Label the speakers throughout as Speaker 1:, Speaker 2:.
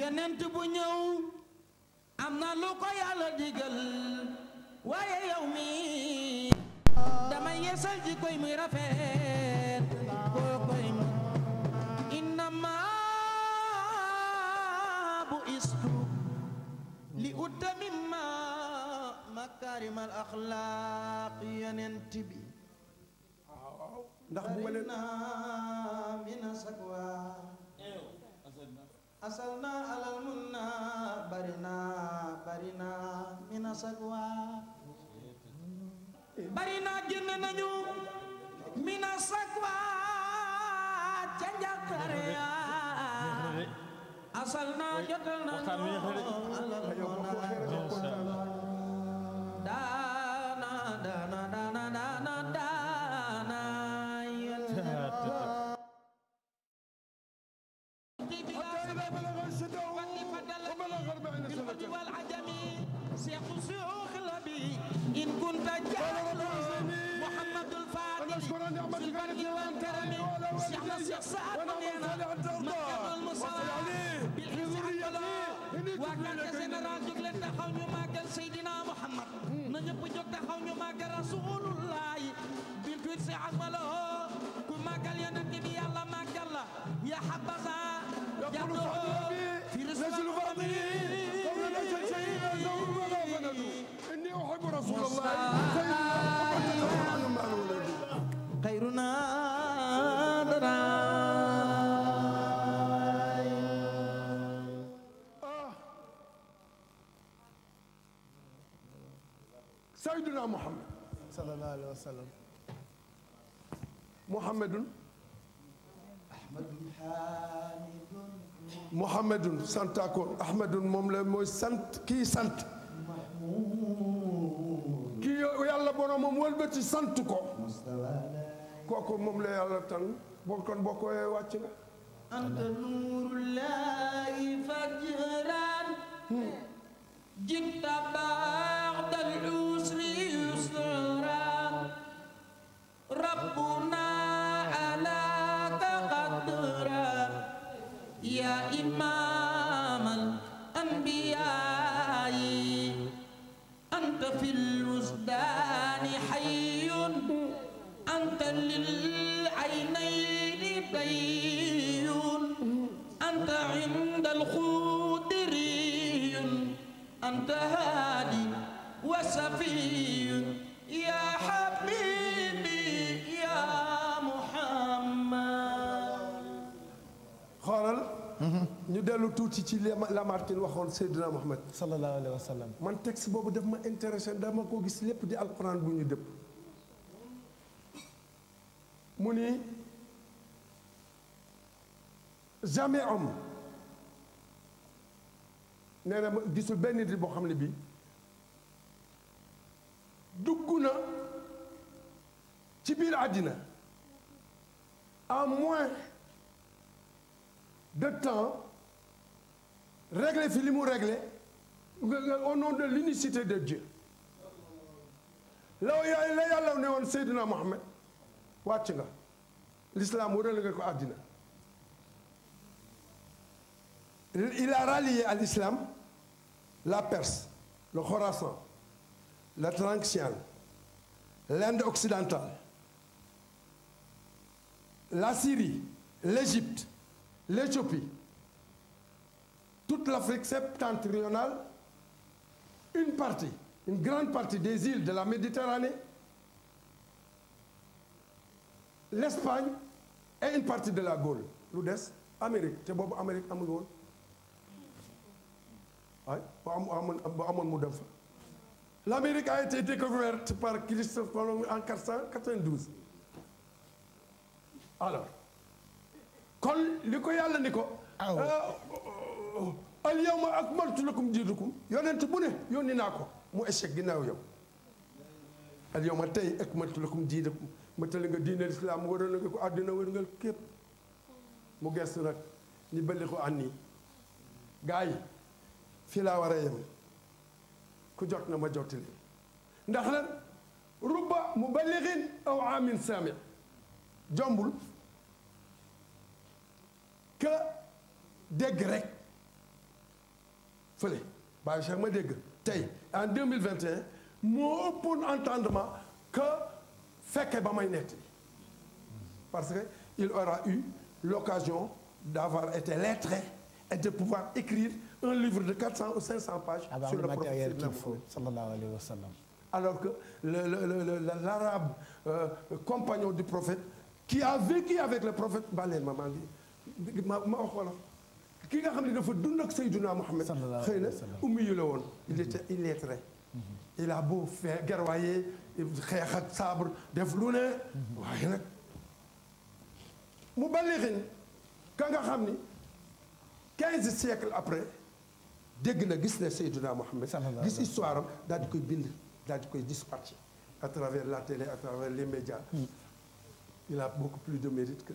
Speaker 1: yonent bu ñëw am na lu ko yàlla digal waaye yow mi damay yeesal ji koy muy rafet koo koy mu innama bu istu li utamimma makarimal axlaaq yonent bi ndax bu ma leen asalna alal munna barina barina mina sagwa barina génn nañu mina sagwa ca njàqare daana daana
Speaker 2: muhammadun muhammadun santaakoon ahmadun moom la mooy sant kii sant kii yàlla boromam wëlbati sant ko kooku moom la yàlla tan boo kon boo koy wàcc nga anta
Speaker 1: nurullahi fajran hmm.
Speaker 2: xoolal. Mhm. ñu dellu tuuti ci li Lamartine waxoon Seydina Mohamed. sallallahu alayhi wa sallam. man texte boobu daf ma intéressé dama ko gis lépp di alquran bu ñu dëpp. mu ni jamais homme nee na gisul benn nit boo xam ne bi dugg na ci biir àddina à moins. de temps régler fi li régler au nom de l'unicité de Dieu law ya la yàlla ne un Seydina Mohamed watch nga l'islam wërale ko Adina. il a rallié à l'islam la Perse le Khorasan la Tranxian l'Inde occidentale la Syrie l'Égypte l'Éthiopie, toute l'Afrique septentrionale, une partie, une grande partie des îles de la Méditerranée, l'Espagne et une partie de la Gaule. lu Amérique Amérique L'Amérique a été découverte par Christophe Colomb en 1492 alors. xol li ko yàlla ni ko al yawma akmaltu lakum diinakum yonent bu ne yónni naa ko mu échec ginnaaw yow al yawma tey akmaltu lakum diinakum matali nga diine lislaam waroon nga ko àddina wërngal képp mu gestu nag ni bëlli ko an nii gaa yi fii laa war a yem ku jot na ma jottali ndax lan rubba mu balligin aw amin saami jombul que des Grecs... en 2021 pour pas que fait que parce que il aura eu l'occasion d'avoir été lettré et de pouvoir écrire un livre de 400 ou 500 pages sur le, prophète alors que l'arabe euh, compagnon du prophète qui a vécu avec le prophète ba Mamadi, ma ma wax wala ki nga xam ne dafa dund ak Seydouna Mohamed. xëy na ummi yu la woon. il était illettré. il a beau faire guerroyer xeex ak sabre def lu ne. waaye nag mu ballixin ka nga xam ni quinze siècles après dégg na gis na Seydouna Mohamed. gis histoire am daal di koy bind daal di koy dispatché à travers la télé à travers les médias. il a beaucoup plus de mérite que.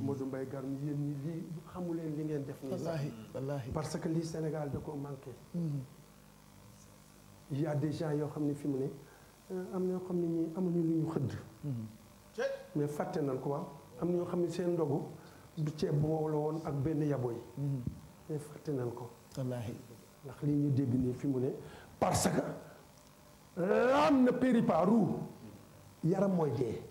Speaker 2: Modou Mbaye Garmi yéen ñi lii xamuleen li ngeen def nii wallaahi wallaahi parce que lii Sénégal da koo manqué mm-hmm. y a yoo xam ne fi mu ne euh, am na yoo xam ne ñi amuñu lu ñu xëdd mm-hmm. mais fàtte nañ ko waaw am na ñoo xam ne seen ndogu du ceeb bu wow la woon ak benn yaboy mm-hmm. mais fàtte nañ ko wallaahi ndax lii ñu dégg nii fi mu ne parce que laam na péripa yaram mooy dee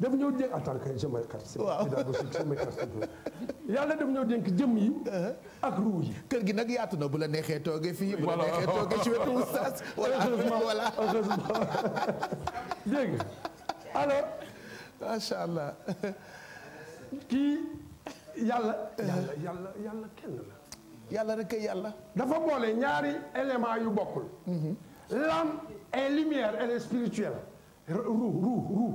Speaker 2: daf ñëw dénk en tant que jëmay xar waaw jëmay xar yàlla daf ñëw dénk jëm yi uh-huh. ak ruu yi
Speaker 3: kër gi nag yaatu na bu la neexee tooge fii bu la neexee tooge ci wetu oustaz wala
Speaker 2: voilà dégg nga alors macha allah kii yàlla uh-huh. yàlla yàlla yàlla kenn la yàlla rek yàlla dafa boole ñaari élément yu bokkul mm-hmm. l'âme est lumière elle est spirituelle ruu ruu ruu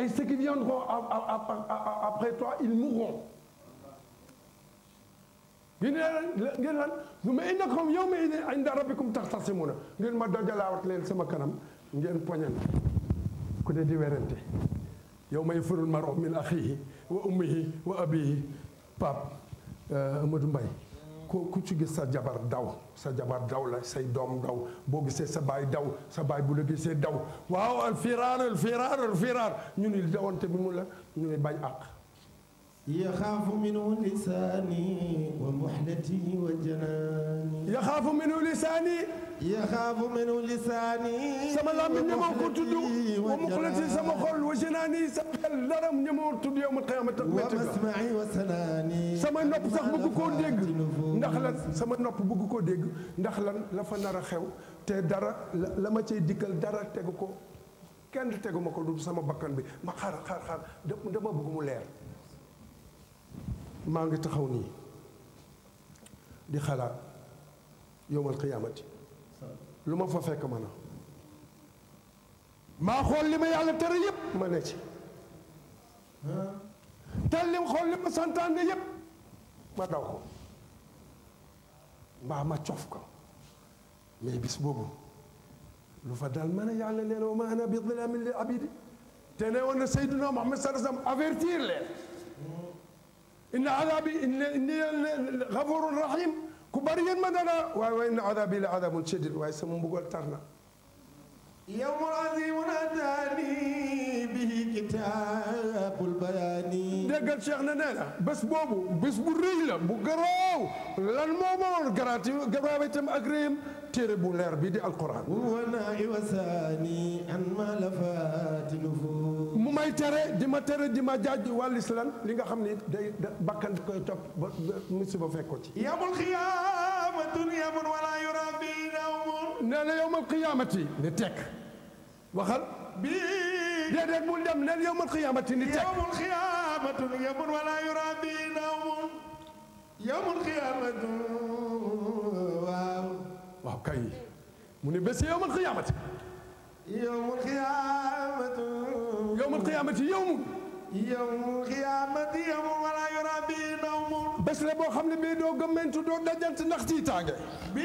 Speaker 2: Et ceux qui viendront après toi, ils mourront. ku ku ci gis sa jabar daw sa jabar daw la say doom daw boo gisee sa baay daw sa baay bu la gisee daw waaw al firaar al firaar al firaar ñu ni dawante bi mu la ñu ne bañ àq yaxaafu minhu lisaani wa muxlati wa janaani yaxaafu minhu lisaani yaxaafu minhu lisaani sama làmmiñ ñemoo ko tudd wa muxlati sama xol wa janaani sa xel dara ñemoo tudd yow ma xiyamata wa masmaci wa sanaani sama nopp sax bëgg koo dégg ndax lan sama nopp bëgg koo dégg ndax la la fa nar a xew te dara la ma cay dikkal dara tegu ko kenn tegu ma ko du sama bakkan bi ma xaar xaar xaar dama bëgg mu leer maa ngi taxaw nii di xalaat yowmal qiyaamati lu ma fa fekk man a maa xool li ma yàlla tere yépp ma ne ci te lim xool li ma santaane yépp ma daw ko mbaa ma cof ko mais bis boobu lu fa dal ma ne yàlla nee na wa ma ana bi dilaamin li abidi te ne woon na Seydina Muhammad sallallahu alayhi wa sallam avertir leen inna adabi inni gafurun rahim ku bari yéen ma dana waaye waaye inna adabi la adabun shadid waaye sama mbugal tar na yawmun azimun atani bihi kitab قال شيخنا نالا بس بوبو بس بوريلا بقراو للمومون قراتي قرابيتم أقريم تيربو لير بيدي القرآن وانا وساني عن ما لفات نفوس مو ماي تري دي ما تري دي ما جاج والإسلام لينغا خمني داي دا باكن توك مصيبة فيكوتي يا من خيامة دنيا من ولا يرى في نومور نالا يوم القيامة نتك وخل بي دي دي مول دم نالا يوم القيامة نتك يوم القيامة قيامة يوم ولا يرى به نوم يوم القيامة واو واو كاي من بس يوم القيامة يوم القيامة يوم القيامة يوم يوم القيامة يوم ولا يرى به نوم بس لا بو بيدو بي دو دجنت نختي تاغي بي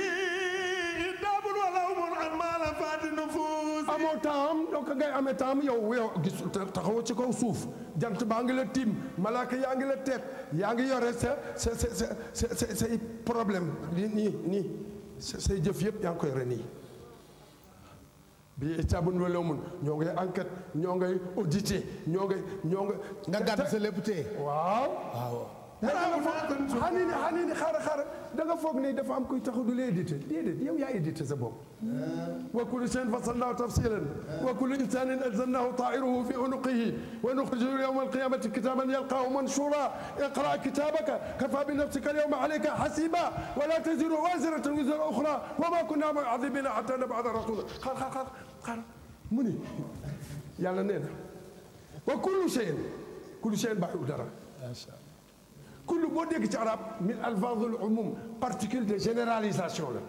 Speaker 2: دابل ولا هم عن ما لا فات نفوس amoo temps am donc ngay amee temps am yow yow gis taxawoo ci kaw suuf jant baa ngi la tiim malaaka yaa ngi la teet yaa ngi yore sa sa sa sa say problème li nii nii say jëf yëpp yaa ngi koy yore nii bi itabun wala mun ñoo ngay enquête ñoo ngay audité ñoo nga nga gàdd sa lépp tee waaw
Speaker 3: حنين حنين خار خار
Speaker 2: دغا فوق ني دافا ام كوي تاخو لي ديت يا ايديت وكل شيء فصلناه تفصيلا وكل انسان الزمناه طائره في عنقه ونخرج يوم القيامه كتابا يلقاه منشورا اقرا كتابك كفى بنفسك اليوم عليك حسيبا ولا تزر وازره وزر اخرى وما كنا معذبين حتى نبعث رسولا خار خار خار مني يلا وكل شيء كل شيء بحول درا ما شاء كل بودك جرب من الفاظ العموم بارتيكول دي جينيراليزاسيون لا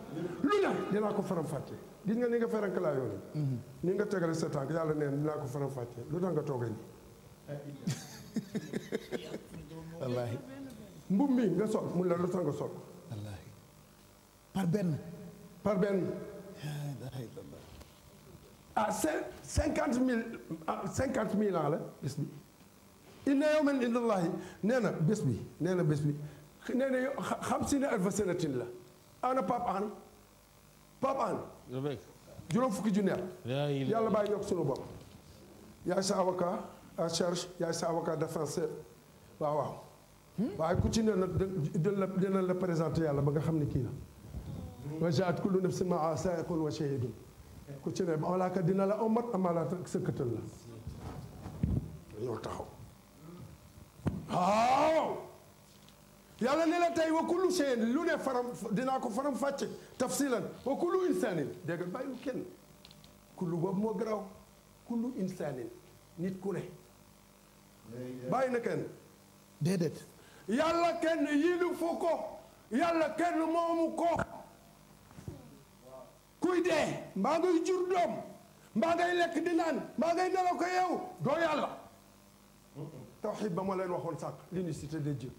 Speaker 2: لولا دينا كو فرام فاتي دين نيغا فران كلا يوني نيغا تيغال ستانك يالا نين لا كو فرام فاتي لو دانغا توغي الله مومي نغا سوك مولا لو سانغا سوك الله بار بن بار بن اه 50000 50000 على اسمي إن يوما عند الله نانا باسمي نانا باسمي نانا خمسين ألف سنة لا أنا باب أنا باب أنا جلوم فك جنر يا الله باي يوك سنو باب يا سأوكا أشارش يا سأوكا دفنسر واو واو باي كتير نانا دل دل دل لبرزانت يا الله بعك خم نكينا وجاءت كل نفس ما عسى يكون وشهيد كتير نبأ ولا كدينا لا أمر أمالات سكتنا يوتاهو waaw yàlla ne la tey wa kullu shay'in lu ne faram dinaa ko faram fàcce tafsilan wa kullu insanin déggal bàyyiwul kenn kullu boobu moo garaaw kullu insanin nit ku ne bàyyi na kenn déedéet yàlla kenn yilifu ko yàlla kenn moomu ko kuy dee mbaa ngay jur doom mbaa ngay lekk di naan mbaa ngay nelaw ko yow doo yàlla توحيد بمولاي وخون ساق لنسيتي دي جيب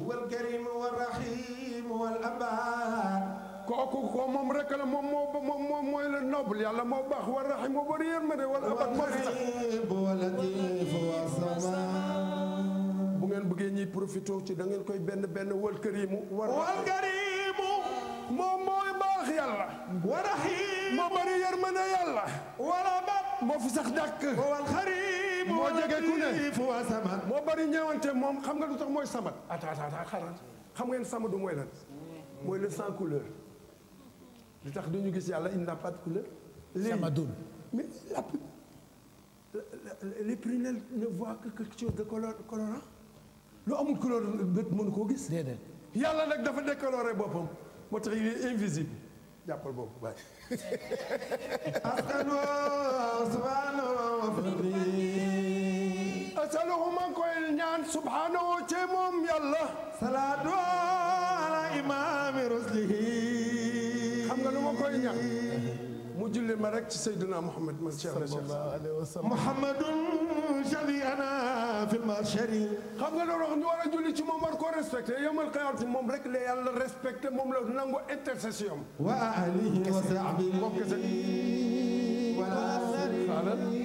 Speaker 2: هو الكريم والرحيم والأبار كوكو كو موم رك لا موم موم موم موم موي لا نوبل يالا مو باخ والرحيم وبرير مدي والأبار مو رك هو لطيف وسما بو نين بوغي ني بروفيتو تي دا نين كوي بن بن والكريم والرحيم والكريم
Speaker 1: موم موي باخ
Speaker 2: ولا بات مو في سخ دك moo jege ku ne moo bari ñëwante moom xam nga lu tax mooy samat attends attends xaaral xam ngeen samadu mooy lan mooy le sans couleur li tax du ñu gis yàlla il n'a pas de couleur samadun mais la les prunelles ne voient que quelque chose de color colorant lu amul couleur bët mënu koo gis déedéet yàlla nag dafa décoloré boppam moo tax il est invisible jàppal boobu waaye subhanahu ci moom yàlla salaatu ala imaami ruslihi xam nga lu ma koy ñaan mu julli ma rek ci sayduna muhammad ma cheikh sallallahu alayhi wa sallam muhammadun shafi'ana fil mahshari xam nga loolu ñu war a julli ci moom war koo respecté yawmal qiyaamati moom rek la yàlla respecté moom la nangu intercession wa alihi wa sahbihi wa sallam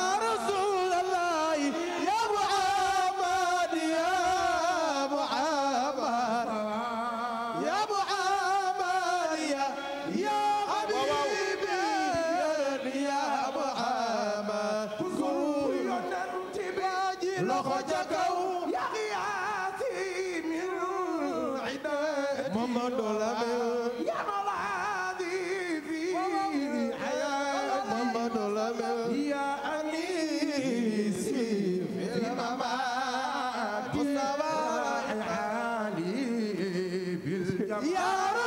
Speaker 4: E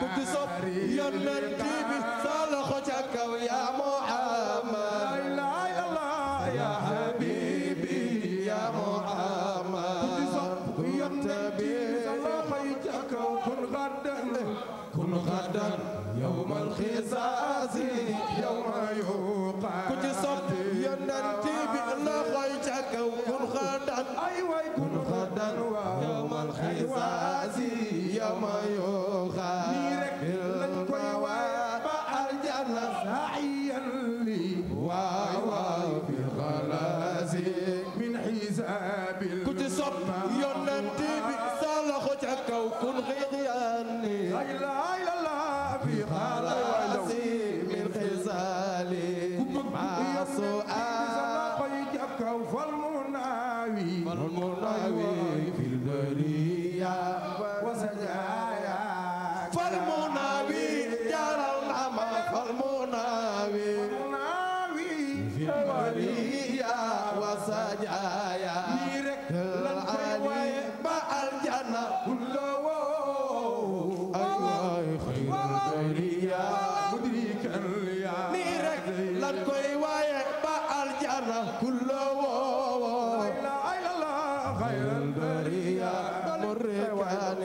Speaker 4: ku ko sopp yonent bi sa loxo ca kaw yaa ilaha doo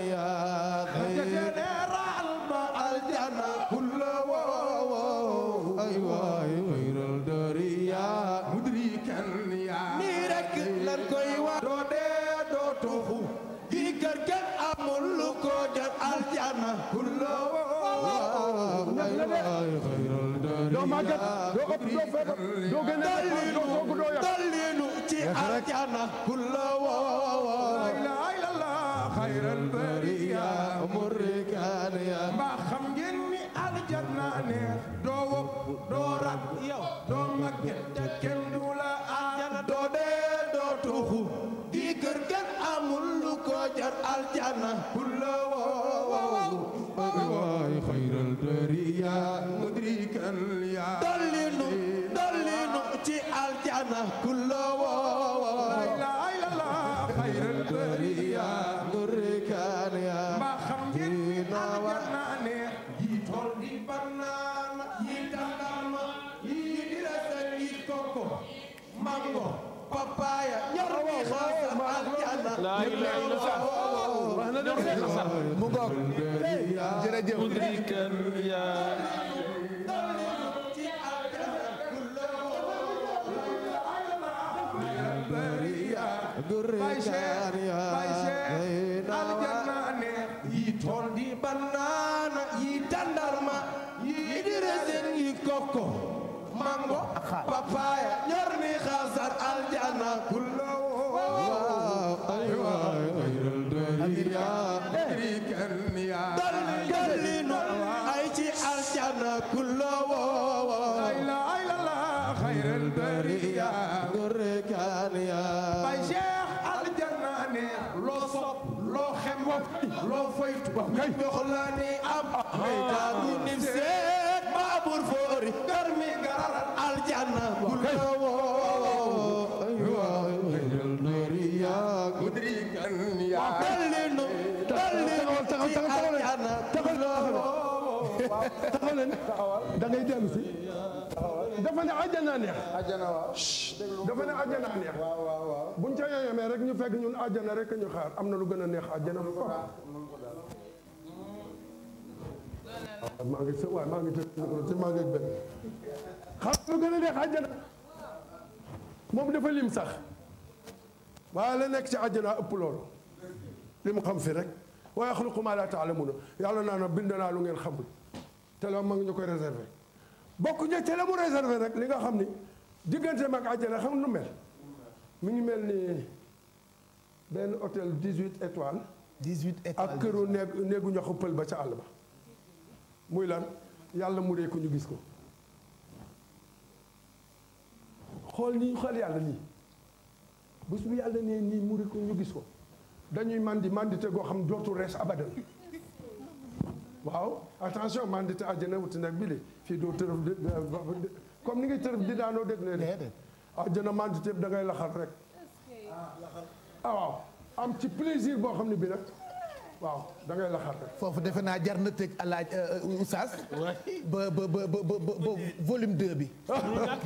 Speaker 4: gën a doo soogu doo yàq dalinu ci aljana kulla woo jar naa neex doo wokk doo kenn du la aar doo dee doo di kër kenn amul lu ko jar aljana bul la woo waay xayral dariya mudrikan ko mango papaya yarni xasar aljana kullo aywa xayrul duniya dirikan ya dalli no ay ci aljana kullo ayla ayla la xayrul duniya dirikan ya bay cheikh aljana ne loo sopp loo xem wop loo foytu wax ngay شريكا يا تلين تلين تخل
Speaker 2: تخل تخل تخل da ngay dellu si dafa ne àjjana neex àjjana waaw ca yemee rek ñu fekk ñun àjjana rek am na lu gën a neex àjjana foofu maa a neex moom dafa lim waaye la nekk ci àjjanaa ëpp loolu li mu xam fi rek wa yaxluqu maa laa taalamuuna yàlla naa na bind naa lu ngeen xamul te la mag ñu koy réservé bokk ñu te la mu réservé rek li nga xam ni diggante mag àjjana xam nu mel mu ngi mel ni benn hôtel 18 étoiles 18 étoiles ak këru néeg néegu ñoxu pël ba ca àll ba muy lan yàlla mu ree ko ñu gis ko xool nii xool yàlla nii bu su yàlla nee nii mu ko ñu gis ko dañuy mandi mandite goo xam dootul rees abadan waaw attention mandite àjjana wuti nag bi li fii doo tërëf comme ni ngay tër di daanoo def ne de àjjana mandite da ngay laxal rek ah, ah, waaw am ci plaisir boo xam ne bi nag
Speaker 3: waaw da ngay foofu defe naa jar na tëj alaaj euh, euh, Oustaz. ba ba ba ba volume 2 bi.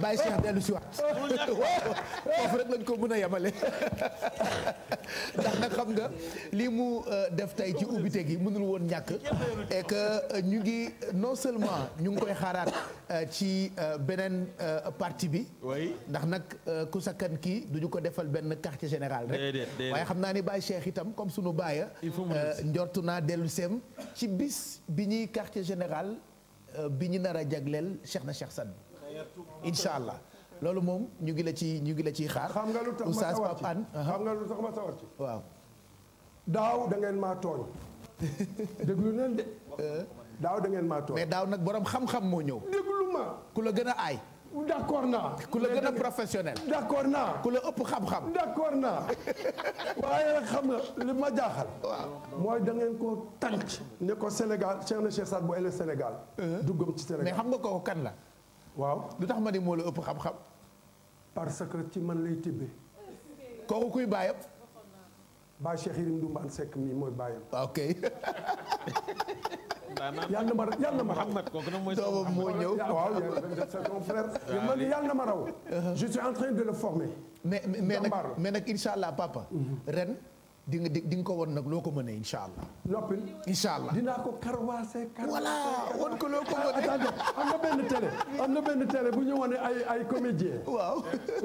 Speaker 3: bàyyi Cheikh dellu si waat. foofu rek lañ ko mën a yemale. ndax nag xam nga lii mu euh, def tey ci ubbite gi mënul woon ñàkk. et que ñu ngi non seulement ñu ngi koy xaaraat ci beneen parti bi. ndax nag ku sakkan kii du ñu ko defal benn quartier général rek. waaye xam naa ni bàyyi Cheikh itam comme sunu baaya. njortu naa dellu seem ci bis bi ñuy quartier général euh, bi ñu nar a jagleel Cheikh na Cheikh
Speaker 2: Sadbou incha allah
Speaker 3: loolu moom ñu ngi la ci ñu la
Speaker 2: ciy xaar. xam nga lu tax ma uh-huh. ma da ngeen maa tooñ. déglu neen de. Euh. daaw da ngeen tooñ. mais daaw nag boroom xam-xam moo ñëw. déglu ma.
Speaker 3: ku la gën a aay.
Speaker 2: d'accord naa. ku la gën
Speaker 3: a naa.
Speaker 2: ku la ëpp xam-xam. d'accord naa waaye xam nga li jaaxal. mooy dangeen ko tànc. ne ko Sénégal Cheikh na Cheikh Saad Bou Sénégal. Euh? duggam ci Sénégal mais xam nga kooku kan la. waaw lu tax ma ni moo la ëpp xam-xam. parce que ci man lay tibbee. kooku kuy bàyyam. ba Cheikh Yérim Ndoumban Seck mi mooy bàyyam. Ah, ok. yàlla na ma yàlla na ma raw. moo ñëw waaw yàlla ma raw.
Speaker 3: je nag mais allah papa. Mm-hmm. ren di nga di nga ko won nag loo ko mënee
Speaker 2: incha allah. allah dinaa ko karwaase. voilà won ko loo ko ah, mënee. am na benn télé am na benn télé bu ñu wone ay comédien waaw.